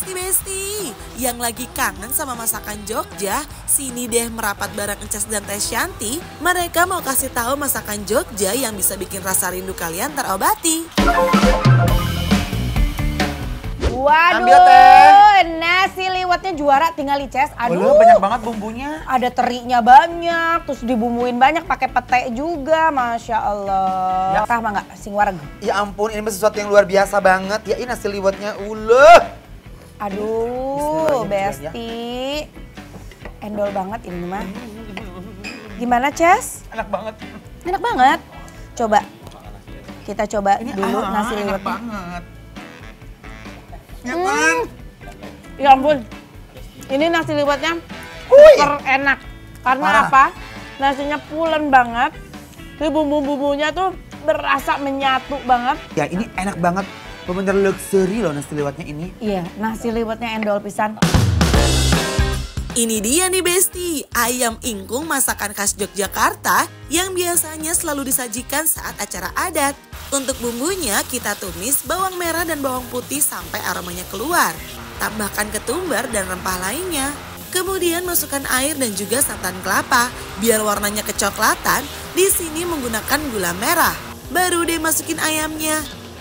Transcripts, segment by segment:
besti-besti yang lagi kangen sama masakan Jogja, sini deh merapat bareng Ences dan Teh Shanti. Mereka mau kasih tahu masakan Jogja yang bisa bikin rasa rindu kalian terobati. Waduh, nasi liwetnya juara tinggal Lices. Aduh, Waduh, banyak banget bumbunya. Ada terinya banyak, terus dibumbuin banyak pakai pete juga, masya Allah. Ya. mah nggak, sing wareg. Ya ampun, ini sesuatu yang luar biasa banget. Ya ini nasi liwetnya, uluh. Aduh, ya. Besti. Ya. Endol banget ini mah. Gimana, Ces? Enak banget. Enak banget. Coba. Kita coba ini dulu ah, nasi liwetnya. Enak banget. Ya hmm. kan? Ya ampun. Ini nasi liwetnya super enak. Karena Parah. apa? Nasinya pulen banget. Ini bumbu-bumbunya tuh berasa menyatu banget. Ya ini enak banget Bener luxury loh nasi liwetnya ini. Iya, nasi liwetnya endol pisan. Ini dia nih Besti, ayam ingkung masakan khas Yogyakarta yang biasanya selalu disajikan saat acara adat. Untuk bumbunya kita tumis bawang merah dan bawang putih sampai aromanya keluar. Tambahkan ketumbar dan rempah lainnya. Kemudian masukkan air dan juga santan kelapa. Biar warnanya kecoklatan, di sini menggunakan gula merah. Baru deh masukin ayamnya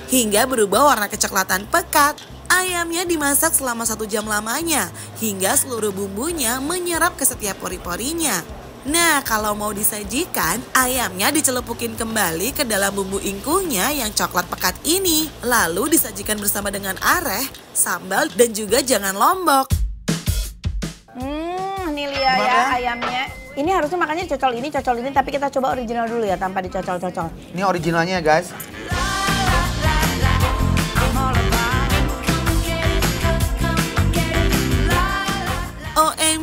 hingga berubah warna kecoklatan pekat. Ayamnya dimasak selama satu jam lamanya hingga seluruh bumbunya menyerap ke setiap pori-porinya. Nah, kalau mau disajikan, ayamnya dicelupukin kembali ke dalam bumbu ingkungnya yang coklat pekat ini. Lalu disajikan bersama dengan areh, sambal, dan juga jangan lombok. Hmm, ini Lia ya ayamnya. Ini harusnya makannya cocol ini, cocol ini, tapi kita coba original dulu ya tanpa dicocol-cocol. Ini originalnya ya guys.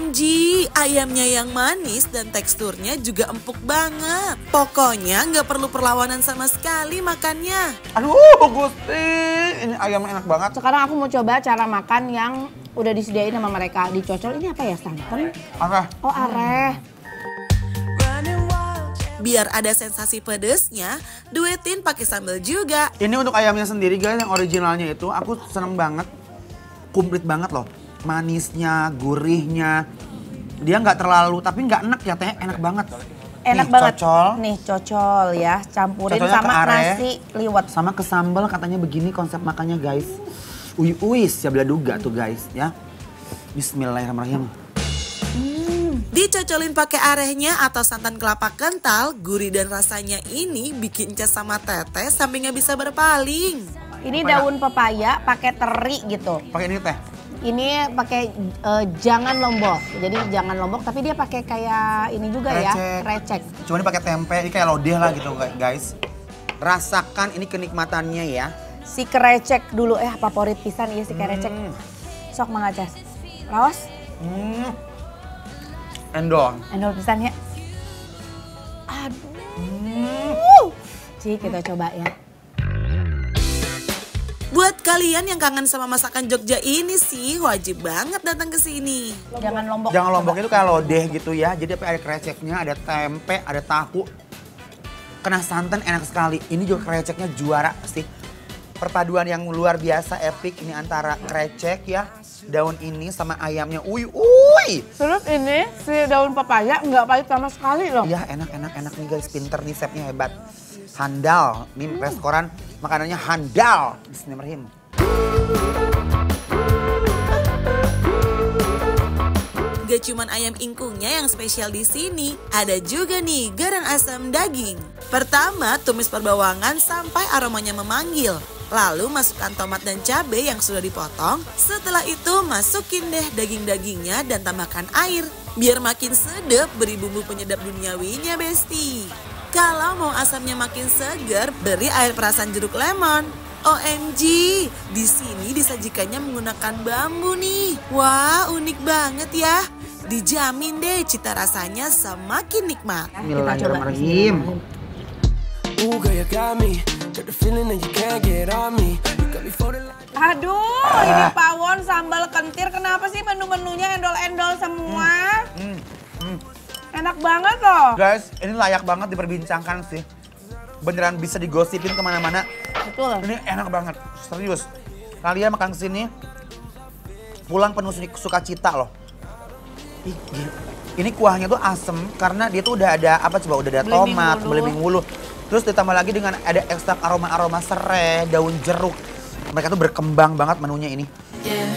OMG, ayamnya yang manis dan teksturnya juga empuk banget. Pokoknya nggak perlu perlawanan sama sekali makannya. Aduh, Gusti, ini ayam enak banget. Sekarang aku mau coba cara makan yang udah disediain sama mereka. Dicocol, ini apa ya, santan? Areh. Oh, areh. Biar ada sensasi pedesnya, duetin pakai sambal juga. Ini untuk ayamnya sendiri guys yang originalnya itu aku seneng banget. Komplit banget loh manisnya, gurihnya. Dia nggak terlalu, tapi nggak enak ya teh, enak banget. Enak nih, banget. Cocol. Nih cocol ya, campurin Cocolnya sama are, nasi liwet. Sama ke sambal katanya begini konsep makannya guys. Uy uis ya bila duga tuh guys ya. Bismillahirrahmanirrahim. Hmm. Dicocolin pakai arehnya atau santan kelapa kental, gurih dan rasanya ini bikin Ca sama Teteh sampingnya bisa berpaling. Ini ya? daun pepaya pakai teri gitu. Pakai ini teh ini pakai uh, jangan lombok. Jadi jangan lombok tapi dia pakai kayak ini juga recek. ya, recek. Cuma ini pakai tempe, ini kayak lodeh lah gitu guys. Rasakan ini kenikmatannya ya. Si krecek dulu eh favorit pisan iya si krecek? Hmm. Sok mangacas. Laos? Hmm. Endol. Endol pisan ya. Hmm. Aduh. Hmm. Cik kita coba ya. Buat kalian yang kangen sama masakan Jogja ini sih wajib banget datang ke sini. Jangan lombok. Jangan lombok itu kayak lodeh gitu ya. Jadi ada kreceknya, ada tempe, ada tahu. Kena santan enak sekali. Ini juga kreceknya juara sih perpaduan yang luar biasa epic ini antara krecek ya daun ini sama ayamnya uy uy terus ini si daun pepaya nggak pahit sama sekali loh iya enak enak enak nih guys pinter nih chefnya hebat handal nih hmm. restoran makanannya handal Bismillahirrahmanirrahim gak cuman ayam ingkungnya yang spesial di sini. Ada juga nih garang asam daging. Pertama, tumis perbawangan sampai aromanya memanggil. Lalu masukkan tomat dan cabai yang sudah dipotong. Setelah itu masukin deh daging-dagingnya dan tambahkan air. Biar makin sedap beri bumbu penyedap duniawinya besti. Kalau mau asamnya makin segar, beri air perasan jeruk lemon. OMG, di sini disajikannya menggunakan bambu nih. Wah, unik banget ya. Dijamin deh cita rasanya semakin nikmat. Bismillahirrahmanirrahim. Ooh, Aduh, ah. ini pawon sambal kentir. Kenapa sih menu-menunya endol-endol semua? Hmm. Hmm. Hmm. Enak banget loh. Guys, ini layak banget diperbincangkan sih. Beneran bisa digosipin kemana-mana. Betul. Ini enak banget, serius. Kalian makan sini, pulang penuh sukacita loh. Ih, ini kuahnya tuh asem karena dia tuh udah ada apa coba udah ada tomat, belimbing wulu. Terus ditambah lagi dengan ada ekstrak aroma-aroma serai, daun jeruk. Mereka tuh berkembang banget menunya ini. Yeah.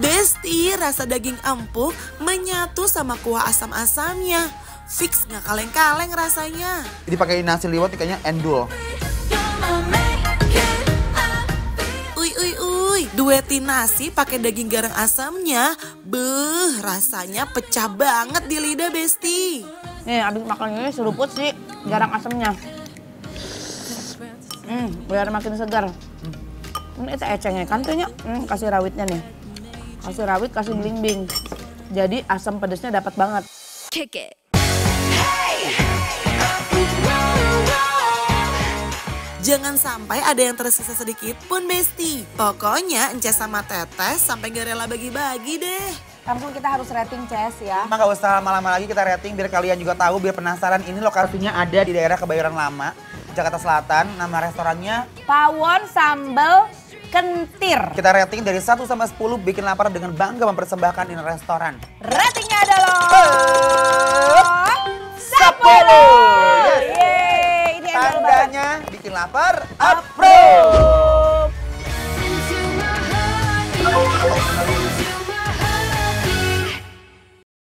Besti, rasa daging empuk menyatu sama kuah asam-asamnya Fix nggak kaleng-kaleng rasanya. pakai nasi liwet kayaknya endul. Uy uy uy, duetin nasi pakai daging garang asamnya. beh rasanya pecah banget di lidah Besti. Nih, abis makan ini seruput sih garang asamnya. Hmm, biar makin segar. Hmm. Ini teh ecengnya kan tuhnya. Hmm, kasih rawitnya nih. Kasih rawit, kasih belimbing. Jadi asam pedasnya dapat banget. Kick it. Jangan sampai ada yang tersisa sedikit pun, Besti. Pokoknya Ences sama Tetes sampai gak rela bagi-bagi deh. Langsung kita harus rating Ces ya. Emang gak usah lama-lama lagi kita rating biar kalian juga tahu, biar penasaran ini lokasinya ada di daerah Kebayoran Lama, Jakarta Selatan. Nama restorannya? Pawon Sambal Kentir. Kita rating dari 1 sampai 10 bikin lapar dengan bangga mempersembahkan ini restoran. Rating Approve. Yes. Yeay, ini Tandanya bikin lapar, approve.